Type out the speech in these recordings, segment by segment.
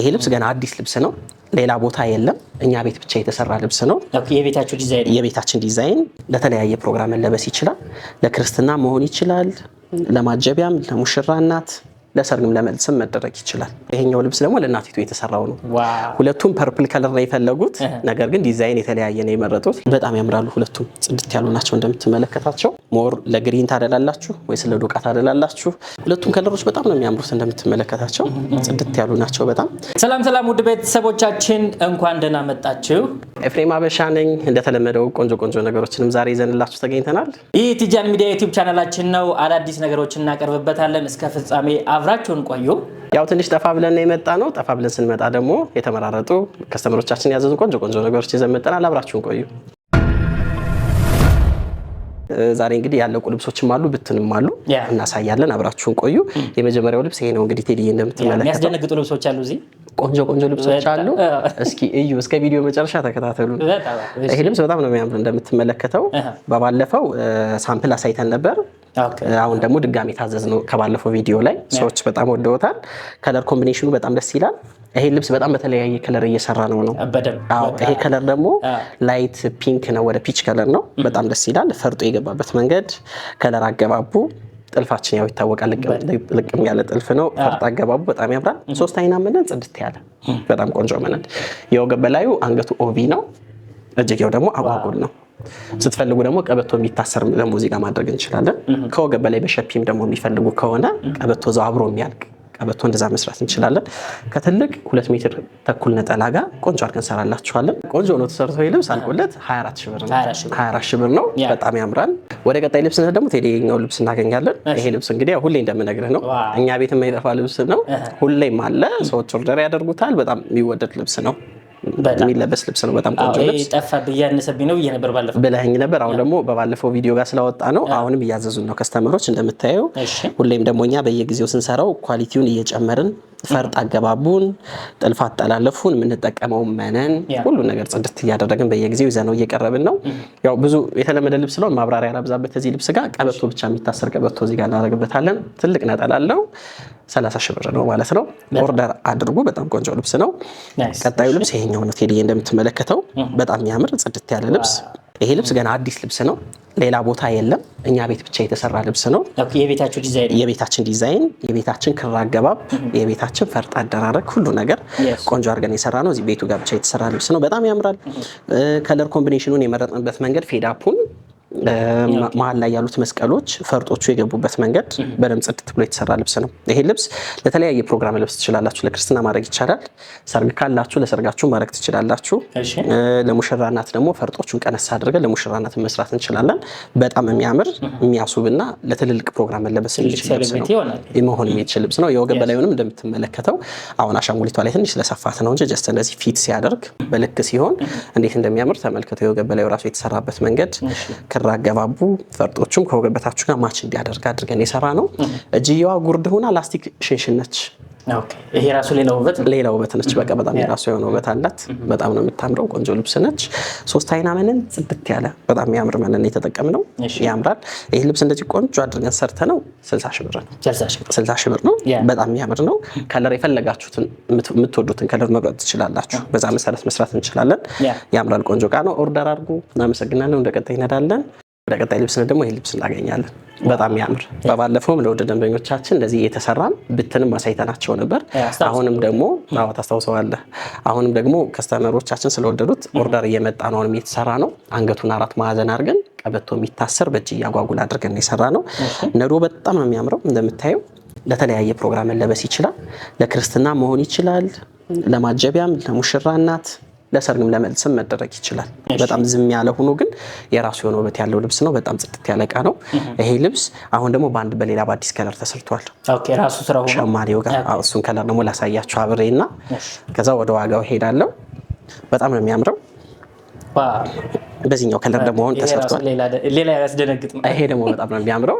ይሄ ልብስ ገና አዲስ ልብስ ነው፣ ሌላ ቦታ የለም። እኛ ቤት ብቻ የተሰራ ልብስ ነው። የቤታችን ዲዛይን ለተለያየ ፕሮግራም መለበስ ይችላል። ለክርስትና መሆን ይችላል፣ ለማጀቢያም፣ ለሙሽራ እናት ለሰርግም ለመልስም መደረግ ይችላል። ይሄኛው ልብስ ደግሞ ለእናቲቱ የተሰራው ነው። ሁለቱም ፐርፕል ከለር ነው የፈለጉት፣ ነገር ግን ዲዛይን የተለያየ ነው የመረጡት። በጣም ያምራሉ። ሁለቱም ጽድት ያሉ ናቸው እንደምትመለከታቸው። ሞር ለግሪን ታደላላችሁ ወይስ ለዶቃ ታደላላችሁ? ሁለቱም ከለሮች በጣም ነው የሚያምሩት እንደምትመለከታቸው፣ ጽድት ያሉ ናቸው በጣም። ሰላም ሰላም፣ ውድ ቤተሰቦቻችን እንኳን ደህና መጣችሁ። ኤፍሬም አበሻ ነኝ። እንደተለመደው ቆንጆ ቆንጆ ነገሮችንም ዛሬ ይዘንላችሁ ተገኝተናል። ይህ ቲጃን ሚዲያ ዩቲዩብ ቻናላችን ነው። አዳዲስ ነገሮች እናቀርብበታለን። እስከ ፍጻሜ አብራችሁን ቆዩ። ያው ትንሽ ጠፋ ብለን ነው የመጣ ነው። ጠፋ ብለን ስንመጣ ደግሞ የተመራረጡ ከስተመሮቻችን ያዘዙ ቆንጆ ቆንጆ ነገሮች ይዘን መጠናል አብራችሁን ቆዩ። ዛሬ እንግዲህ ያለቁ ልብሶችም አሉ ብትንም አሉ እናሳያለን። አብራችሁን ቆዩ። የመጀመሪያው ልብስ ይሄ ነው። እንግዲህ ቴዲ እንደምትመለከተው የሚያስደነግጡ ልብሶች አሉ፣ እዚህ ቆንጆ ቆንጆ ልብሶች አሉ። እስኪ እዩ፣ እስከ ቪዲዮ መጨረሻ ተከታተሉ። ይሄ ልብስ በጣም ነው የሚያምር እንደምትመለከተው። በባለፈው ሳምፕል አሳይተን ነበር አሁን ደግሞ ድጋሚ ታዘዝ ነው ከባለፈው ቪዲዮ ላይ ሰዎች በጣም ወደውታል። ከለር ኮምቢኔሽኑ በጣም ደስ ይላል። ይሄ ልብስ በጣም በተለያየ ከለር እየሰራ ነው ነው። ይሄ ከለር ደግሞ ላይት ፒንክ ነው፣ ወደ ፒች ከለር ነው። በጣም ደስ ይላል። ፈርጦ የገባበት መንገድ፣ ከለር አገባቡ ጥልፋችን ያው ይታወቃል። ልቅም ያለ ጥልፍ ነው። ፈርጥ አገባቡ በጣም ያምራል። ሶስት አይና መነን ጽድት ያለ በጣም ቆንጆ መነን። የወገብ በላዩ አንገቱ ኦቢ ነው፣ እጅጌው ደግሞ አጓጉል ነው። ስትፈልጉ ደግሞ ቀበቶ የሚታሰር ለሙዚቃ ማድረግ እንችላለን። ከወገብ በላይ በሸፒም ደግሞ የሚፈልጉ ከሆነ ቀበቶ እዛው አብሮ የሚያልቅ ቀበቶ እንደዛ መስራት እንችላለን። ከትልቅ ሁለት ሜትር ተኩል ነጠላ ጋር ቆንጆ አድርገን እንሰራላችኋለን። ቆንጆ ነው ተሰርቶ ልብስ አልቆለት 24 ሺህ ብር ነው። በጣም ያምራል። ወደ ቀጣይ ልብስ ደግሞ ቴዲኛው ልብስ እናገኛለን። ይሄ ልብስ እንግዲህ ሁሌ እንደምነግርህ ነው፣ እኛ ቤት የማይጠፋ ልብስ ነው። ሁሌም አለ፣ ሰዎች ኦርደር ያደርጉታል። በጣም የሚወደድ ልብስ ነው። የሚለበስ ልብስ ነው። በጣም ቆንጆ ልብስ እያነሰብኝ ነው ብዬ ነበር ባለፈው ብለኸኝ ነበር። አሁን ደግሞ በባለፈው ቪዲዮ ጋር ስለወጣ ነው አሁንም እያዘዙን ነው ከስተመሮች። እንደምታየው ሁሌም ደግሞ እኛ በየጊዜው ስንሰራው ኳሊቲውን እየጨመርን ፈርጥ አገባቡን፣ ጥልፍ አጠላለፉን፣ የምንጠቀመው መነን ሁሉ ነገር ጽድት እያደረግን በየጊዜው ይዘነው እየቀረብን ነው። ያው ብዙ የተለመደ ልብስ ስለሆነ ማብራሪያ ላብዛበት። እዚህ ልብስ ጋር ቀበቶ ብቻ የሚታሰር ቀበቶ እዚህ ጋር እናደርግበታለን። ትልቅ ነጠላለው አለው። 30 ሺህ ብር ነው ማለት ነው። ኦርደር አድርጉ። በጣም ቆንጆ ልብስ ነው። ቀጣዩ ልብስ ይሄኛው ነው። ቴዲ እንደምትመለከተው በጣም የሚያምር ጽድት ያለ ልብስ ይሄ ልብስ ገና አዲስ ልብስ ነው። ሌላ ቦታ የለም። እኛ ቤት ብቻ የተሰራ ልብስ ነው። የቤታችን ዲዛይን፣ የቤታችን ክር አገባብ፣ የቤታችን ፈርጥ አደራረግ፣ ሁሉ ነገር ቆንጆ አድርገን የሰራ ነው። እዚህ ቤቱ ጋር ብቻ የተሰራ ልብስ ነው። በጣም ያምራል። ከለር ኮምቢኔሽኑን የመረጥንበት መንገድ ፌዳፑን መሀል ላይ ያሉት መስቀሎች ፈርጦቹ የገቡበት መንገድ በደም ጽድት ብሎ የተሰራ ልብስ ነው። ይሄ ልብስ ለተለያየ ፕሮግራም ልብስ ትችላላችሁ። ለክርስትና ማድረግ ይቻላል። ሰርግ ካላችሁ ለሰርጋችሁ ማድረግ ትችላላችሁ። ለሙሽራናት ደግሞ ፈርጦቹን ቀነሳ አድርገን ለሙሽራናት መስራት እንችላለን። በጣም የሚያምር የሚያስውብና ለትልልቅ ፕሮግራም መለበስ መሆን የሚችል ልብስ ነው። የወገብ በላዩንም እንደምትመለከተው አሁን አሻንጉሊቷ ላይ ትንሽ ለሰፋት ነው እንጂ ጀስት እንደዚህ ፊት ሲያደርግ በልክ ሲሆን እንዴት እንደሚያምር ተመልከተው። የወገብ በላዩ ራሱ የተሰራበት መንገድ የክር አገባቡ ፈርጦቹም ከወገበታችሁ ጋር ማች እንዲያደርግ አድርገን የሰራ ነው። እጅየዋ ጉርድ ሆና ላስቲክ ሼሽን ነች። ይሄ ራሱ ሌላ ውበት ሌላ ውበት ነች። በቃ በጣም የራሱ የሆነ ውበት አላት። በጣም ነው የምታምረው። ቆንጆ ልብስ ነች። ሶስት አይና መነን ጽድት ያለ በጣም የሚያምር መነን ነው። ያምራል። ይህ ልብስ እንደዚህ ቆንጆ አድርገን ሰርተ ነው ስልሳ ሺህ ብር ነው። ስልሳ ሺህ ብር ነው። በጣም የሚያምር ነው። ከለር የፈለጋችሁትን የምትወዱትን ከለር መብረት ትችላላችሁ። በዛ መሰረት መስራት እንችላለን። ያምራል። ቆንጆ እቃ ነው። ኦርደር አድርጉ። እናመሰግናለን። እንደቀጣይ ይነዳለን። እንሄዳለን። በቀጣይ ልብስ ደግሞ ይህ ልብስ እናገኛለን። በጣም ያምር። በባለፈውም ለውድ ደንበኞቻችን እንደዚህ እየተሰራን ብትንም አሳይተናቸው ነበር። አሁንም ደግሞ ማወት ታስታውሰዋለህ። አሁንም ደግሞ ከስተመሮቻችን ስለወደዱት ኦርደር እየመጣ ነው። አሁንም እየተሰራ ነው። አንገቱን አራት ማዕዘን አድርገን ቀበቶ የሚታሰር በእጅ እያጓጉል አድርገን የሰራ ነው። ነዶ በጣም ነው የሚያምረው እንደምታየው። ለተለያየ ፕሮግራም መለበስ ይችላል። ለክርስትና መሆን ይችላል። ለማጀቢያም ለሙሽራ እናት ለሰርግም ለመልስም መደረግ ይችላል። በጣም ዝም ያለ ሆኖ ግን የራሱ የሆነ ውበት ያለው ልብስ ነው። በጣም ጽጥት ያለ እቃ ነው ይሄ ልብስ። አሁን ደግሞ በአንድ በሌላ በአዲስ ከለር ተሰርቷል። ሸማኔው ጋር እሱን ከለር ደግሞ ላሳያችሁ አብሬ እና ከዛ ወደ ዋጋው ሄዳለው። በጣም ነው የሚያምረው በዚህኛው ከለር ደግሞ አሁን ተሰርቷል። ሌላ ያስደነግጥ ነው። ይሄ ደግሞ በጣም ነው የሚያምረው።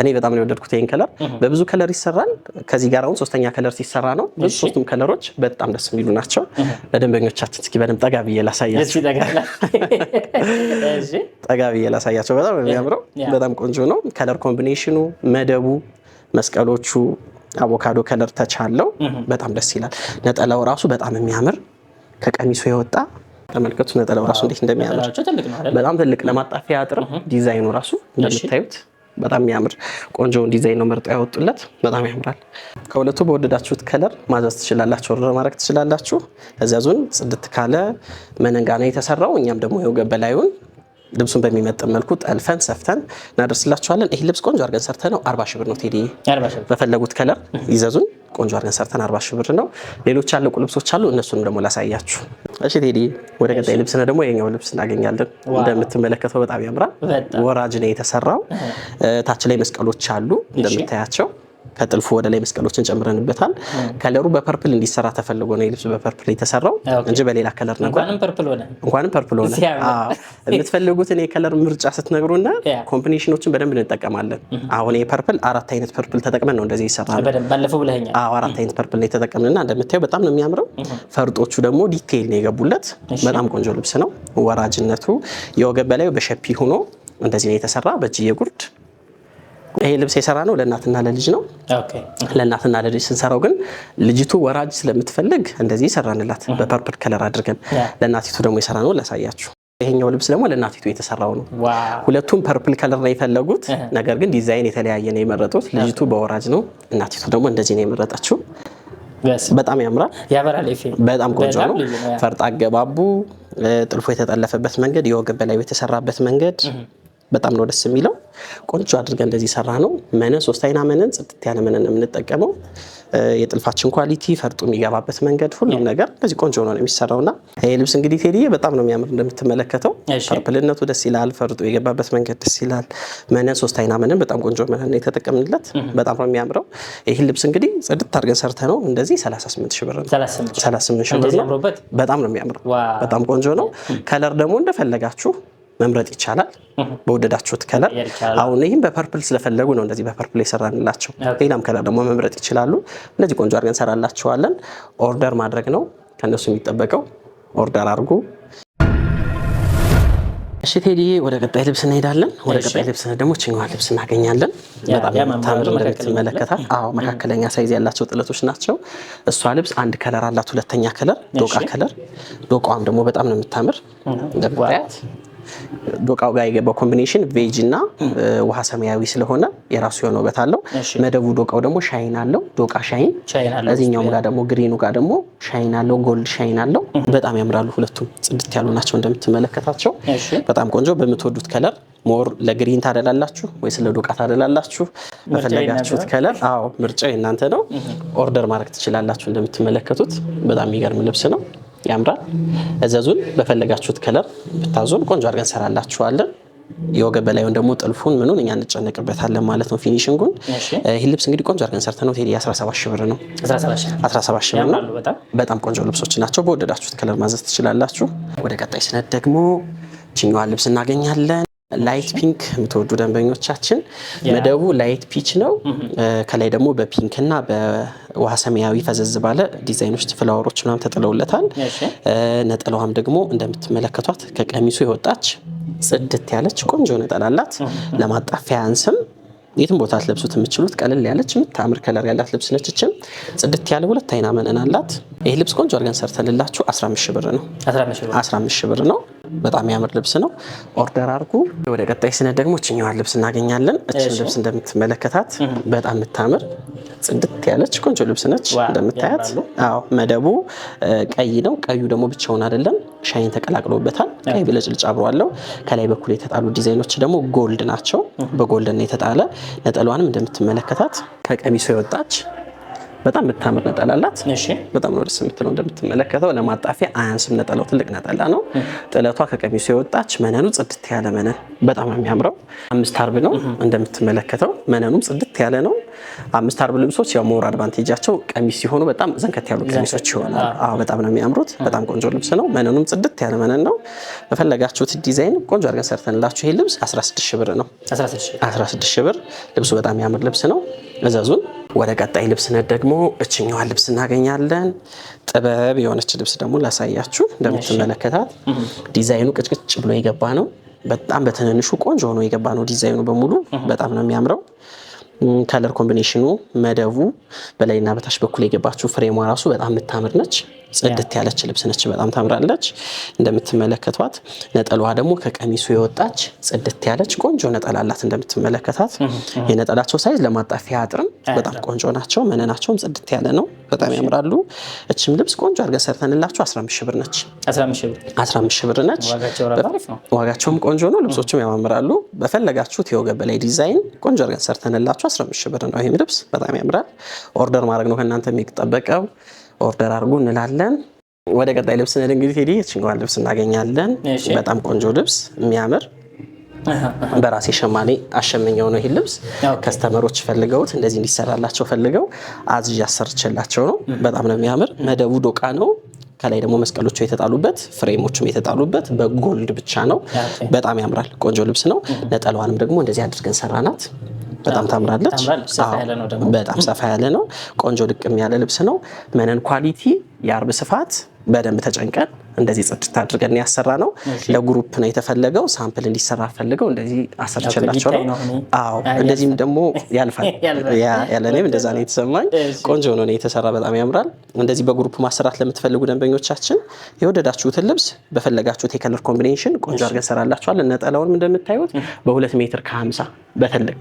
እኔ በጣም ነው የወደድኩት ይህን ከለር። በብዙ ከለር ይሰራል። ከዚህ ጋር አሁን ሶስተኛ ከለር ሲሰራ ነው። ሶስቱም ከለሮች በጣም ደስ የሚሉ ናቸው። ለደንበኞቻችን እስኪ በደንብ ጠጋ ብዬ ላሳያቸው፣ ጠጋ ብዬ ላሳያቸው። በጣም ነው የሚያምረው። በጣም ቆንጆ ነው። ከለር ኮምቢኔሽኑ፣ መደቡ፣ መስቀሎቹ አቮካዶ ከለር ተቻለው በጣም ደስ ይላል። ነጠላው ራሱ በጣም የሚያምር ከቀሚሱ የወጣ ተመልከቱ። ነጠላው ራሱ እንዴት እንደሚያምር በጣም ትልቅ ለማጣፊያ አጥር ዲዛይኑ ራሱ እንደምታዩት በጣም የሚያምር ቆንጆውን ዲዛይን ነው መርጠው ያወጡለት። በጣም ያምራል። ከሁለቱ በወደዳችሁት ከለር ማዘዝ ትችላላችሁ፣ ኦርደር ማድረግ ትችላላችሁ። እዚያዙን ጽድት ካለ መነን ነው የተሰራው። እኛም ደግሞ ይኸው ገበላዩን ልብሱን በሚመጥን መልኩ ጠልፈን ሰፍተን እናደርስላችኋለን። ይህ ልብስ ቆንጆ አድርገን ሰርተ ነው አርባ ሺህ ብር ነው ቴዲ። በፈለጉት ከለር ይዘዙን። ቆንጆ አድርገን ሰርተን አርባ ሺህ ብር ነው። ሌሎች ያለቁ ልብሶች አሉ፣ እነሱንም ደግሞ ላሳያችሁ። እሺ ቴዲ፣ ወደ ቀጣይ ልብስ ነው ደግሞ ይሄኛው ልብስ እናገኛለን። እንደምትመለከተው በጣም ያምራል። ወራጅ ነው የተሰራው። ታች ላይ መስቀሎች አሉ እንደምታያቸው ከጥልፉ ወደ ላይ መስቀሎችን ጨምረንበታል። ከለሩ በፐርፕል እንዲሰራ ተፈልጎ ነው የልብሱ በፐርፕል የተሰራው እንጂ በሌላ ከለር ነበር። እንኳንም ፐርፕል ሆነ። የምትፈልጉትን የከለር ምርጫ ስትነግሩና ኮምቢኔሽኖችን በደንብ እንጠቀማለን። አሁን የፐርፕል አራት አይነት ፐርፕል ተጠቅመን ነው እንደዚህ ይሰራ አራት አይነት ፐርፕል ላይ ተጠቀምንና እንደምታየው በጣም ነው የሚያምረው። ፈርጦቹ ደግሞ ዲቴይል ነው የገቡለት። በጣም ቆንጆ ልብስ ነው። ወራጅነቱ የወገብ በላዩ በሸፒ ሆኖ እንደዚህ ነው የተሰራ በእጅ የጉርድ ይሄ ልብስ የሰራ ነው ለእናትና ለልጅ ነው። ለእናትና ለልጅ ስንሰራው ግን ልጅቱ ወራጅ ስለምትፈልግ እንደዚህ ሰራንላት በፐርፕል ከለር አድርገን። ለእናቲቱ ደግሞ የሰራ ነው ላሳያችሁ። ይሄኛው ልብስ ደግሞ ለእናቲቱ የተሰራው ነው። ሁለቱም ፐርፕል ከለር ነው የፈለጉት፣ ነገር ግን ዲዛይን የተለያየ ነው የመረጡት። ልጅቱ በወራጅ ነው፣ እናቲቱ ደግሞ እንደዚህ ነው የመረጠችው። በጣም ያምራል፣ በጣም ቆንጆ ነው። ፈርጥ አገባቡ፣ ጥልፎ የተጠለፈበት መንገድ፣ የወገብ በላይ የተሰራበት መንገድ በጣም ነው ደስ የሚለው። ቆንጆ አድርገን እንደዚህ ሰራ ነው። መነን ሶስት አይና መነን ጽድት ያለ መነን የምንጠቀመው የጥልፋችን ኳሊቲ ፈርጡ የሚገባበት መንገድ ሁሉም ነገር እንደዚህ ቆንጆ ነው የሚሰራው እና ይህ ልብስ እንግዲህ ቴዲዬ በጣም ነው የሚያምር። እንደምትመለከተው ፐርፕልነቱ ደስ ይላል። ፈርጡ የገባበት መንገድ ደስ ይላል። መነን ሶስት አይና መነን በጣም ቆንጆ መነን ነው የተጠቀምንለት። በጣም ነው የሚያምረው። ይህን ልብስ እንግዲህ ጽድት አድርገን ሰርተ ነው እንደዚህ 38 ሺህ ብር ነው። 38 ሺህ ብር ነው። በጣም ነው የሚያምረው። በጣም ቆንጆ ነው። ከለር ደግሞ እንደፈለጋችሁ መምረጥ ይቻላል። በወደዳችሁት ከለር አሁን ይህም በፐርፕል ስለፈለጉ ነው እንደዚህ በፐርፕል የሰራንላቸው። ሌላም ከለር ደግሞ መምረጥ ይችላሉ። እንደዚህ ቆንጆ አድርገን እንሰራላችኋለን። ኦርደር ማድረግ ነው ከእነሱ የሚጠበቀው። ኦርደር አድርጉ። እሺ ቴዲ፣ ወደ ቀጣይ ልብስ እንሄዳለን። ወደ ቀጣይ ልብስ ደግሞ ችኛዋን ልብስ እናገኛለን። በጣም ታምር እንደምትመለከታት። አዎ መካከለኛ ሳይዝ ያላቸው ጥለቶች ናቸው። እሷ ልብስ አንድ ከለር አላት፣ ሁለተኛ ከለር ዶቃ ከለር። ዶቃዋም ደግሞ በጣም ነው የምታምር እንደምታያት ዶቃው ጋር የገባው ኮምቢኔሽን ቬጅ እና ውሃ ሰማያዊ ስለሆነ የራሱ የሆነ ውበት አለው። መደቡ ዶቃው ደግሞ ሻይን አለው። ዶቃ ሻይን፣ እዚኛውም ጋር ደግሞ ግሪኑ ጋር ደግሞ ሻይን አለው። ጎልድ ሻይን አለው። በጣም ያምራሉ። ሁለቱም ጽድት ያሉ ናቸው እንደምትመለከታቸው። በጣም ቆንጆ በምትወዱት ከለር ሞር ለግሪን ታደላላችሁ ወይስ ለዶቃ ታደላላችሁ? በፈለጋችሁት ከለር። አዎ ምርጫው የእናንተ ነው። ኦርደር ማድረግ ትችላላችሁ። እንደምትመለከቱት በጣም የሚገርም ልብስ ነው። ያምራል። እዘዙን በፈለጋችሁት ከለር ብታዙን ቆንጆ አድርገን እንሰራላችኋለን። የወገብ በላዩን ደግሞ ጥልፉን ምኑን እኛ እንጨነቅበታለን ማለት ነው። ፊኒሽንጉን ይህ ልብስ እንግዲህ ቆንጆ አድርገን ነው ቴዲ 17 ሺህ ብር ነው። 17 ሺህ ብር ነው። በጣም ቆንጆ ልብሶች ናቸው። በወደዳችሁት ከለር ማዘዝ ትችላላችሁ። ወደ ቀጣይ ስነት ደግሞ ችኛዋን ልብስ እናገኛለን። ላይት ፒንክ የምትወዱ ደንበኞቻችን መደቡ ላይት ፒች ነው። ከላይ ደግሞ በፒንክ እና በውሃ ሰማያዊ ፈዘዝ ባለ ዲዛይኖች ፍላወሮች ምናምን ተጥለውለታል። ነጠላዋም ደግሞ እንደምትመለከቷት ከቀሚሱ የወጣች ጽድት ያለች ቆንጆ ነጠላ አላት። ለማጣፊያ አንስም የትም ቦታ ልብሱት የምችሉት ቀለል ያለች የምታምር ከለር ያላት ልብስ ነችችም። ጽድት ያለ ሁለት አይና መነን አላት። ይህ ልብስ ቆንጆ አድርገን ሰርተንላችሁ 15 ሺህ ብር ነው። 15 ሺህ ብር ነው። በጣም የሚያምር ልብስ ነው። ኦርደር አርጉ። ወደ ቀጣይ ስነት ደግሞ እችኛዋን ልብስ እናገኛለን። እችን ልብስ እንደምትመለከታት በጣም የምታምር ጽድት ያለች ቆንጆ ልብስ ነች። እንደምታያት አዎ፣ መደቡ ቀይ ነው። ቀዩ ደግሞ ብቻውን አይደለም፣ ሻይን ተቀላቅሎበታል። ቀይ ብልጭልጭ አብሯለው ከላይ በኩል የተጣሉ ዲዛይኖች ደግሞ ጎልድ ናቸው። በጎልድ የተጣለ። ነጠሏንም እንደምትመለከታት ከቀሚሱ የወጣች በጣም የምታምር ነጠላ አላት። በጣም ነው ደስ የምትለው። እንደምትመለከተው ለማጣፊያ አያንስም ነጠላው፣ ትልቅ ነጠላ ነው። ጥለቷ ከቀሚሱ የወጣች መነኑ ጽድት ያለ መነን፣ በጣም ነው የሚያምረው። አምስት አርብ ነው እንደምትመለከተው፣ መነኑም ጽድት ያለ ነው። አምስት አርብ ልብሶች ያው ሞር አድቫንቴጃቸው ቀሚስ ሲሆኑ በጣም ዘንከት ያሉ ቀሚሶች ይሆናል። በጣም ነው የሚያምሩት። በጣም ቆንጆ ልብስ ነው። መነኑም ጽድት ያለ መነን ነው። በፈለጋችሁት ዲዛይን ቆንጆ አድርገን ሰርተንላችሁ ይሄ ልብስ 16 ሺህ ብር ነው። 16 ሺህ ብር ልብሱ በጣም የሚያምር ልብስ ነው። እዘዙን። ወደ ቀጣይ ልብስ ነት ደግሞ እችኛዋ ልብስ እናገኛለን። ጥበብ የሆነች ልብስ ደግሞ ላሳያችሁ። እንደምትመለከታት ዲዛይኑ ቅጭቅጭ ብሎ የገባ ነው። በጣም በትንንሹ ቆንጆ ሆኖ የገባ ነው። ዲዛይኑ በሙሉ በጣም ነው የሚያምረው። ከለር ኮምቢኔሽኑ፣ መደቡ፣ በላይና በታች በኩል የገባችው ፍሬሟ ራሱ በጣም የምታምር ነች። ጽድት ያለች ልብስ ነች። በጣም ታምራለች። እንደምትመለከቷት ነጠላዋ ደግሞ ከቀሚሱ የወጣች ጽድት ያለች ቆንጆ ነጠላ አላት። እንደምትመለከታት የነጠላቸው ሳይዝ ለማጣፊያ አጥርም በጣም ቆንጆ ናቸው። መነናቸውም ጽድት ያለ ነው። በጣም ያምራሉ። እችም ልብስ ቆንጆ አድርገን ሰርተንላችሁ 15 ሺህ ብር ነች። 15 ሺህ ብር ነች። ዋጋቸውም ቆንጆ ነው። ልብሶችም ያማምራሉ። በፈለጋችሁት የወገብ በላይ ዲዛይን ቆንጆ አድርገን ሰርተንላችሁ 15 ሺህ ብር ነው። ይህም ልብስ በጣም ያምራል። ኦርደር ማድረግ ነው ከእናንተ የሚጠበቀው። ኦርደር አድርጉ እንላለን። ወደ ቀጣይ ልብስ ነድ እንግዲህ ቴዲ የችኛዋን ልብስ እናገኛለን። በጣም ቆንጆ ልብስ የሚያምር በራሴ ሸማኔ አሸመኛው ነው። ይህ ልብስ ከስተመሮች ፈልገውት እንደዚህ እንዲሰራላቸው ፈልገው አዝዤ አሰርቼላቸው ነው። በጣም ነው የሚያምር። መደቡ ዶቃ ነው። ከላይ ደግሞ መስቀሎቹ የተጣሉበት ፍሬሞቹም የተጣሉበት በጎልድ ብቻ ነው። በጣም ያምራል። ቆንጆ ልብስ ነው። ነጠላዋንም ደግሞ እንደዚህ አድርገን ሰራናት። በጣም ታምራለች። በጣም ሰፋ ያለ ነው። ቆንጆ ልቅም ያለ ልብስ ነው። መነን ኳሊቲ የአርብ ስፋት በደንብ ተጨንቀን እንደዚህ ጽድት አድርገን ያሰራ ነው። ለግሩፕ ነው የተፈለገው። ሳምፕል እንዲሰራ ፈልገው እንደዚህ አሰርችላቸው ነው። አዎ እንደዚህም ደግሞ ያልፋል። ያለኔም እንደዛ ነው የተሰማኝ። ቆንጆ ነው የተሰራ፣ በጣም ያምራል። እንደዚህ በግሩፕ ማሰራት ለምትፈልጉ ደንበኞቻችን የወደዳችሁትን ልብስ በፈለጋችሁት የከለር ኮምቢኔሽን ቆንጆ አድርገን ሰራላችኋል። ነጠላውንም እንደምታዩት በሁለት ሜትር ከሀምሳ በትልቅ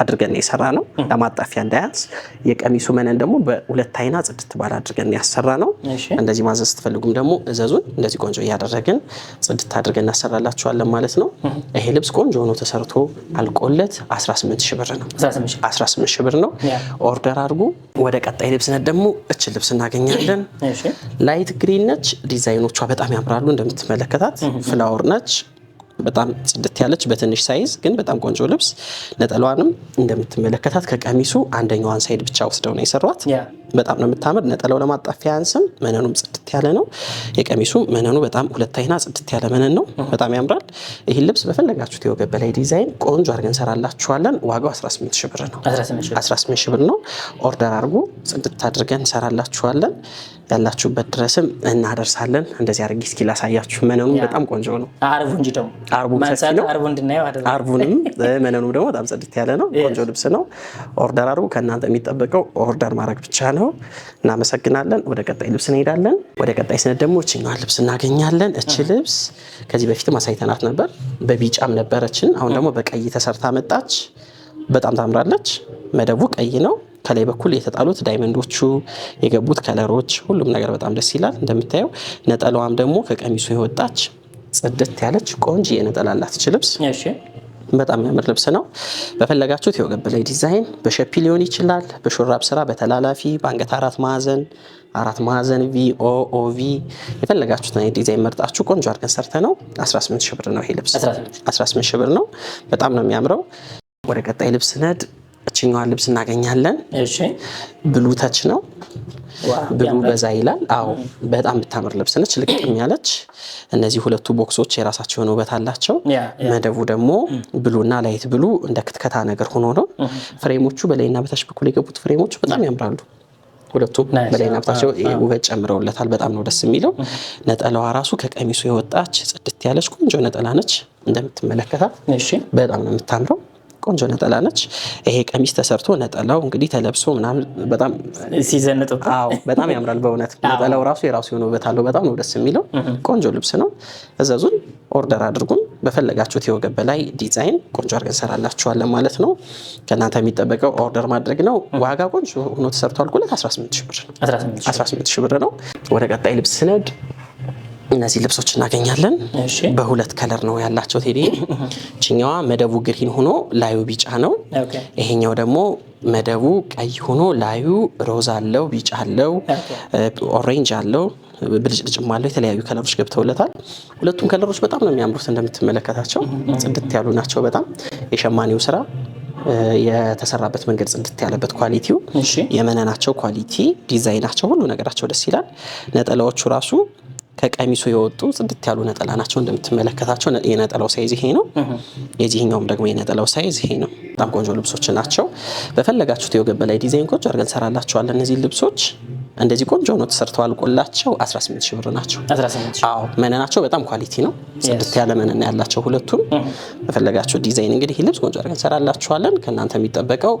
አድርገን የሰራ ነው። ለማጣፊያ እንዳያንስ የቀሚሱ መነን ደግሞ በሁለት አይና ጽድት ባል አድርገን ያሰራ ነው። እንደዚህ ማዘዝ ስትፈልጉም ደግሞ እዘዙን። እንደዚህ ቆንጆ እያደረግን ጽድት አድርገን እናሰራላችኋለን ማለት ነው። ይሄ ልብስ ቆንጆ ሆኖ ተሰርቶ አልቆለት 18 ሺህ ብር ነው። 18 ሺህ ብር ነው። ኦርደር አድርጉ። ወደ ቀጣይ ልብስነት ደግሞ እችን ልብስ እናገኛለን። ላይት ግሪን ነች። ዲዛይኖቿ በጣም ያምራሉ። እንደምትመለከታት ፍላወር ነች። በጣም ጽድት ያለች በትንሽ ሳይዝ ግን በጣም ቆንጆ ልብስ። ነጠላዋንም እንደምትመለከታት ከቀሚሱ አንደኛዋን ሳይድ ብቻ ወስደው ነው የሰሯት። በጣም ነው የምታምር። ነጠላው ለማጣፊያ ያንስም፣ መነኑም ጽድት ያለ ነው። የቀሚሱ መነኑ በጣም ሁለት አይና ጽድት ያለ መነን ነው። በጣም ያምራል። ይህን ልብስ በፈለጋችሁት የወገብ በላይ ዲዛይን ቆንጆ አድርገን እንሰራላችኋለን። ዋጋው 18 ሺህ ብር ነው። 18 ሺህ ብር ነው። ኦርደር አድርጉ። ጽድት አድርገን እንሰራላችኋለን። ያላችሁበት ድረስም እናደርሳለን። እንደዚህ አድርጊ እስኪ ላሳያችሁ። መነኑም በጣም ቆንጆ ነው። አርቡ እንጂ ደግሞ አርቡንም መነኑ ደግሞ በጣም ጽድት ያለ ነው። ቆንጆ ልብስ ነው። ኦርደር አርቡ። ከእናንተ የሚጠበቀው ኦርደር ማድረግ ብቻ ነው። እናመሰግናለን። ወደ ቀጣይ ልብስ እንሄዳለን። ወደ ቀጣይ ስነት ደግሞ እችኛዋን ልብስ እናገኛለን። እች ልብስ ከዚህ በፊትም አሳይተናት ነበር። በቢጫም ነበረችን። አሁን ደግሞ በቀይ ተሰርታ መጣች። በጣም ታምራለች። መደቡ ቀይ ነው። ከላይ በኩል የተጣሉት ዳይመንዶቹ የገቡት ከለሮች፣ ሁሉም ነገር በጣም ደስ ይላል። እንደምታየው ነጠላዋም ደግሞ ከቀሚሱ የወጣች ጽድት ያለች ቆንጆ የነጠላ ላትች ልብስ በጣም የሚያምር ልብስ ነው። በፈለጋችሁት የወገብ ላይ ዲዛይን በሸፒ ሊሆን ይችላል፣ በሹራብ ስራ፣ በተላላፊ በአንገት አራት ማዕዘን አራት ማዕዘን ቪ ኦ ኦ ቪ የፈለጋችሁትን አይነት ዲዛይን መርጣችሁ ቆንጆ አድርገን ሰርተ ነው 18 ሺህ ብር ነው ይሄ ልብስ 18 ሺህ ብር ነው። በጣም ነው የሚያምረው። ወደ ቀጣይ ልብስ ነድ እችኛዋን ልብስ እናገኛለን። ብሉ ተች ነው ብሉ በዛ ይላል። አዎ በጣም ብታምር ልብስ ነች፣ ልቅም ያለች። እነዚህ ሁለቱ ቦክሶች የራሳቸው የሆነ ውበት አላቸው። መደቡ ደግሞ ብሉና ላይት ብሉ እንደ ክትከታ ነገር ሆኖ ነው። ፍሬሞቹ በላይና በታች በኩል የገቡት ፍሬሞቹ በጣም ያምራሉ። ሁለቱም በላይና በታቸው ውበት ጨምረውለታል። በጣም ነው ደስ የሚለው። ነጠላዋ ራሱ ከቀሚሱ የወጣች ጽድት ያለች ቆንጆ ነጠላ ነች። እንደምትመለከታት በጣም ነው የምታምረው። ቆንጆ ነጠላ ነች። ይሄ ቀሚስ ተሰርቶ ነጠላው እንግዲህ ተለብሶ ምናምን በጣም ሲዘንጥ በጣም ያምራል። በእውነት ነጠላው ራሱ የራሱ የሆነ ውበት አለው። በጣም ነው ደስ የሚለው። ቆንጆ ልብስ ነው። እዘዙን፣ ኦርደር አድርጉን። በፈለጋችሁት የወገብ በላይ ዲዛይን ቆንጆ አድርገን እንሰራላችኋለን ማለት ነው። ከእናንተ የሚጠበቀው ኦርደር ማድረግ ነው። ዋጋ ቆንጆ ሆኖ ተሰርቷል። ሁለት 18 ሺህ ብር ነው። ወደ ቀጣይ ልብስ ስነድ እነዚህ ልብሶች እናገኛለን። በሁለት ከለር ነው ያላቸው ቴዲ። ችኛዋ መደቡ ግሪን ሆኖ ላዩ ቢጫ ነው። ይሄኛው ደግሞ መደቡ ቀይ ሆኖ ላዩ ሮዝ አለው፣ ቢጫ አለው፣ ኦሬንጅ አለው፣ ብልጭልጭም አለው። የተለያዩ ከለሮች ገብተውለታል። ሁለቱም ከለሮች በጣም ነው የሚያምሩት። እንደምትመለከታቸው ጽድት ያሉ ናቸው። በጣም የሸማኔው ስራ የተሰራበት መንገድ ጽድት ያለበት ኳሊቲው፣ የመነናቸው ኳሊቲ፣ ዲዛይናቸው፣ ሁሉ ነገራቸው ደስ ይላል። ነጠላዎቹ ራሱ ከቀሚሱ የወጡ ጽድት ያሉ ነጠላ ናቸው። እንደምትመለከታቸው የነጠላው ሳይዝ ይሄ ነው። የዚህኛውም ደግሞ የነጠላው ሳይዝ ይሄ ነው። በጣም ቆንጆ ልብሶች ናቸው። በፈለጋችሁት የወገብ በላይ ዲዛይን ቆንጆ አድርገን እንሰራላችኋለን እነዚህ ልብሶች እንደዚህ ቆንጆ ነው ተሰርተው አልቆላቸው 18 ሺህ ብር ናቸው። አዎ መነናቸው በጣም ኳሊቲ ነው። ጽድት ያለ መነን ያላቸው ሁለቱም። በፈለጋቸው ዲዛይን እንግዲህ ልብስ ቆንጆ አድርገን እንሰራላችኋለን። ከእናንተ የሚጠበቀው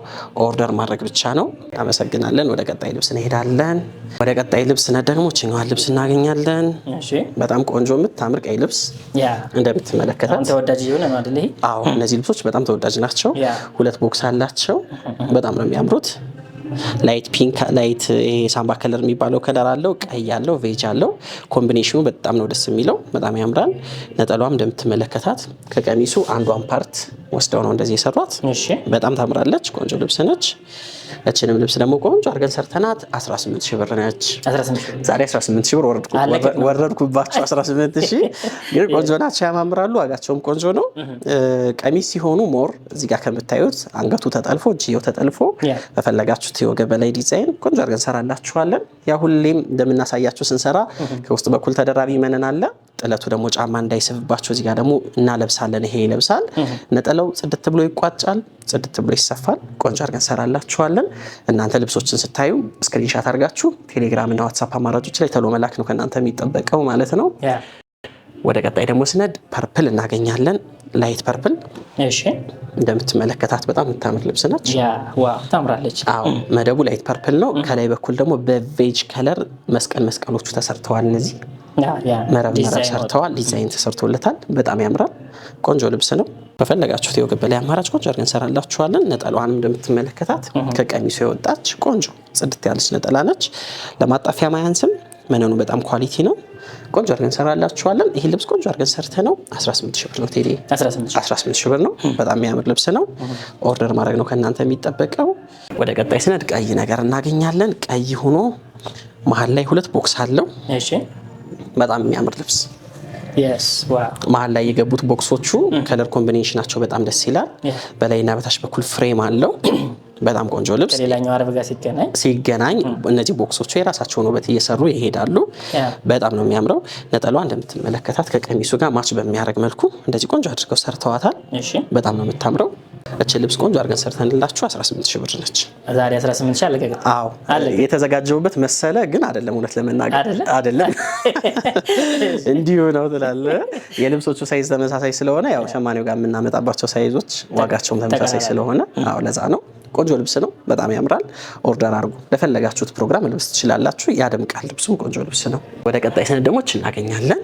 ኦርደር ማድረግ ብቻ ነው። አመሰግናለን። ወደ ቀጣይ ልብስ እንሄዳለን። ወደ ቀጣይ ልብስ ነ ደግሞ ችኛዋን ልብስ እናገኛለን። በጣም ቆንጆ የምታምር ቀይ ልብስ እንደምትመለከታት ተወዳጅ ይሄ። አዎ እነዚህ ልብሶች በጣም ተወዳጅ ናቸው። ሁለት ቦክስ አላቸው። በጣም ነው የሚያምሩት። ላይት ፒንክ ላይት ሳምባ ከለር የሚባለው ከለር አለው። ቀይ አለው፣ ቬጅ አለው። ኮምቢኔሽኑ በጣም ነው ደስ የሚለው፣ በጣም ያምራል። ነጠሏም እንደምትመለከታት ከቀሚሱ አንዷን ፓርት ወስደው ነው እንደዚህ የሰሯት። በጣም ታምራለች። ቆንጆ ልብስ ነች። እችንም ልብስ ደግሞ ቆንጆ አድርገን ሰርተናት 18 ሺህ ብር ነች። ዛሬ 18 ሺህ ብር ወረድኩባቸው። 18 ሺህ ግን ቆንጆ ናቸው፣ ያማምራሉ። ዋጋቸውም ቆንጆ ነው። ቀሚስ ሲሆኑ ሞር እዚህ ጋር ከምታዩት አንገቱ ተጠልፎ እጅየው ተጠልፎ በፈለጋችሁት የወገብ በላይ ዲዛይን ቆንጆ አድርገን ሰራላችኋለን። ያ ሁሌም እንደምናሳያቸው ስንሰራ ከውስጥ በኩል ተደራቢ መነን አለ ጥለቱ ደግሞ ጫማ እንዳይስብባቸው እዚጋ ደግሞ እናለብሳለን። ይሄ ይለብሳል። ነጠላው ጽድት ብሎ ይቋጫል፣ ጽድት ብሎ ይሰፋል። ቆንጆ አድርገን እንሰራላችኋለን። እናንተ ልብሶችን ስታዩ ስክሪንሻት አድርጋችሁ እና ዋትሳፕ አማራጮች ላይ ተሎ መላክ ነው ከእናንተ የሚጠበቀው ማለት ነው። ወደ ቀጣይ ደግሞ ስነድ ፐርፕል እናገኛለን። ላይት ፐርፕል እንደምትመለከታት በጣም የምታምር ልብስ ነች፣ ታምራለች። መደቡ ላይት ፐርፕል ነው። ከላይ በኩል ደግሞ በቬጅ ከለር መስቀል መስቀሎቹ ተሰርተዋል እነዚህ መረብ መረብ ሰርተዋል። ዲዛይን ተሰርቶለታል። በጣም ያምራል። ቆንጆ ልብስ ነው። በፈለጋችሁት የወገብ በላይ አማራጭ ቆንጆ አድርገን እንሰራላችኋለን። ነጠላዋንም እንደምትመለከታት ከቀሚሱ የወጣች ቆንጆ ጽድት ያለች ነጠላ ነች። ለማጣፊያ ማያንስም መነኑ በጣም ኳሊቲ ነው። ቆንጆ አድርገን እንሰራላችኋለን። ይህ ልብስ ቆንጆ አድርገን ሰርተ ነው 18 ሺህ ብር ነው። ቴዲ 18 ሺህ ብር ነው። በጣም የሚያምር ልብስ ነው። ኦርደር ማድረግ ነው ከእናንተ የሚጠበቀው። ወደ ቀጣይ ስነድ ቀይ ነገር እናገኛለን። ቀይ ሆኖ መሀል ላይ ሁለት ቦክስ አለው በጣም የሚያምር ልብስ መሀል ላይ የገቡት ቦክሶቹ ከለር ኮምቢኔሽናቸው በጣም ደስ ይላል። በላይና በታች በኩል ፍሬም አለው። በጣም ቆንጆ ልብስ ጋር ሲገናኝ ሲገናኝ እነዚህ ቦክሶቹ የራሳቸውን ውበት እየሰሩ ይሄዳሉ። በጣም ነው የሚያምረው። ነጠላዋ እንደምትመለከታት ከቀሚሱ ጋር ማች በሚያደርግ መልኩ እንደዚህ ቆንጆ አድርገው ሰርተዋታል። በጣም ነው የምታምረው። እች ልብስ ቆንጆ አድርገን ሰርተንላችሁ 18 ሺህ ብር ነች። ዛሬ 18 ሺህ አለቀ። አዎ የተዘጋጀውበት መሰለ ግን አይደለም፣ እውነት ለመናገር አይደለም። እንዲሁ ነው ትላለ። የልብሶቹ ሳይዝ ተመሳሳይ ስለሆነ ያው ሸማኔው ጋር የምናመጣባቸው ሳይዞች ዋጋቸውም ተመሳሳይ ስለሆነ አዎ ለዛ ነው። ቆንጆ ልብስ ነው። በጣም ያምራል። ኦርደር አድርጉ። ለፈለጋችሁት ፕሮግራም ልብስ ትችላላችሁ። ያደምቃል። ልብሱም ቆንጆ ልብስ ነው። ወደ ቀጣይ ስነደሞች ደግሞ እናገኛለን።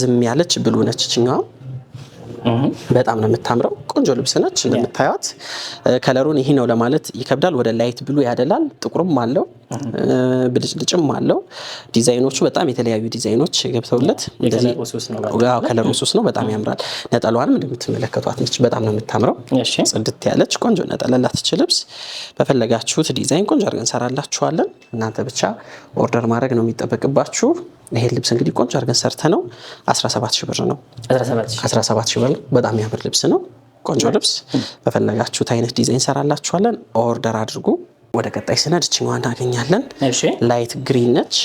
ዝም ያለች ብሉ ነች። ችኛዋ በጣም ነው የምታምረው ቆንጆ ልብስ ነች እንደምታዩት። ከለሩን ይሄ ነው ለማለት ይከብዳል። ወደ ላይት ብሉ ያደላል። ጥቁርም አለው ብልጭልጭም አለው። ዲዛይኖቹ በጣም የተለያዩ ዲዛይኖች ገብተውለት ከለሩ ሱስ ነው። በጣም ያምራል። ነጠሏንም እንደምትመለከቷት ነች። በጣም ነው የምታምረው። ጽድት ያለች ቆንጆ ነጠለላትች ልብስ በፈለጋችሁት ዲዛይን ቆንጆ አድርገን እንሰራላችኋለን። እናንተ ብቻ ኦርደር ማድረግ ነው የሚጠበቅባችሁ። ይሄን ልብስ እንግዲህ ቆንጆ አድርገን ሰርተ ነው 17 ሺህ ብር ነው። 17 ሺህ ብር በጣም ያምር ልብስ ነው። ቆንጆ ልብስ በፈለጋችሁት አይነት ዲዛይን ሰራላችኋለን። ኦርደር አድርጉ። ወደ ቀጣይ ስነድ እችኛዋ እናገኛለን። ላይት ግሪን ነች።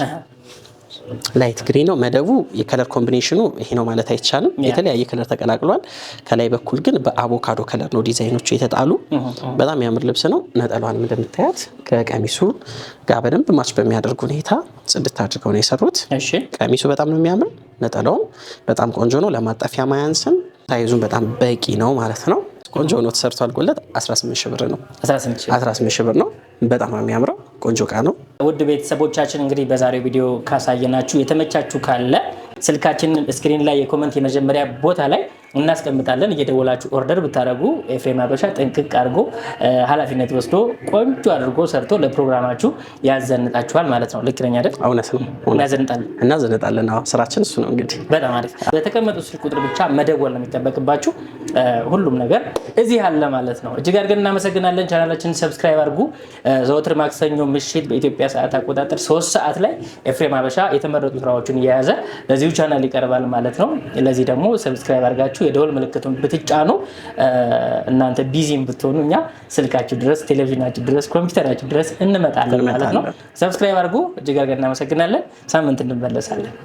ላይት ግሪን ነው መደቡ። የከለር ኮምቢኔሽኑ ይሄ ነው ማለት አይቻልም፣ የተለያየ ከለር ተቀላቅሏል። ከላይ በኩል ግን በአቮካዶ ከለር ነው ዲዛይኖቹ የተጣሉ። በጣም የሚያምር ልብስ ነው። ነጠሏንም እንደምታያት ከቀሚሱ ጋር በደንብ ማች በሚያደርግ ሁኔታ ጽድት አድርገው ነው የሰሩት። ቀሚሱ በጣም ነው የሚያምር፣ ነጠላውም በጣም ቆንጆ ነው። ለማጠፊያ ማያንስም ሳይዙን በጣም በቂ ነው ማለት ነው። ቆንጆ ሆኖ ተሰርቷል። ጎለት 18 ሺህ ብር ነው። 18 ሺህ ብር ነው። በጣም የሚያምረው ቆንጆ እቃ ነው። ውድ ቤተሰቦቻችን እንግዲህ በዛሬው ቪዲዮ ካሳየናችሁ የተመቻችሁ ካለ ስልካችንን ስክሪን ላይ የኮመንት የመጀመሪያ ቦታ ላይ እናስቀምጣለን። እየደወላችሁ ኦርደር ብታደረጉ ኤፍሬም ሀበሻ ጥንቅቅ አድርጎ ኃላፊነት ወስዶ ቆንጆ አድርጎ ሰርቶ ለፕሮግራማችሁ ያዘንጣችኋል ማለት ነው። ልክ ነኝ አይደል? እውነት ነው። እናዘንጣለን እናዘንጣለን። ስራችን እሱ ነው። እንግዲህ በጣም አሪፍ። በተቀመጡ ስልክ ቁጥር ብቻ መደወል ነው የሚጠበቅባችሁ። ሁሉም ነገር እዚህ አለ ማለት ነው። እጅግ አድርገን እናመሰግናለን። ቻናላችን ሰብስክራይብ አድርጉ። ዘወትር ማክሰኞ ምሽት በኢትዮጵያ ሰዓት አቆጣጠር ሶስት ሰዓት ላይ ኤፍሬም ሀበሻ የተመረጡ ስራዎችን እየያዘ ለዚሁ ቻናል ይቀርባል ማለት ነው። ለዚህ ደግሞ ሰብስክራይብ አድርጋችሁ ብላችሁ የደወል ምልክቱን ብትጫኑ እናንተ ቢዚም ብትሆኑ እኛ ስልካችሁ ድረስ፣ ቴሌቪዥናችሁ ድረስ፣ ኮምፒውተራችሁ ድረስ እንመጣለን ማለት ነው። ሰብስክራይብ አድርጉ። እጅግ አድርገን እናመሰግናለን። ሳምንት እንመለሳለን።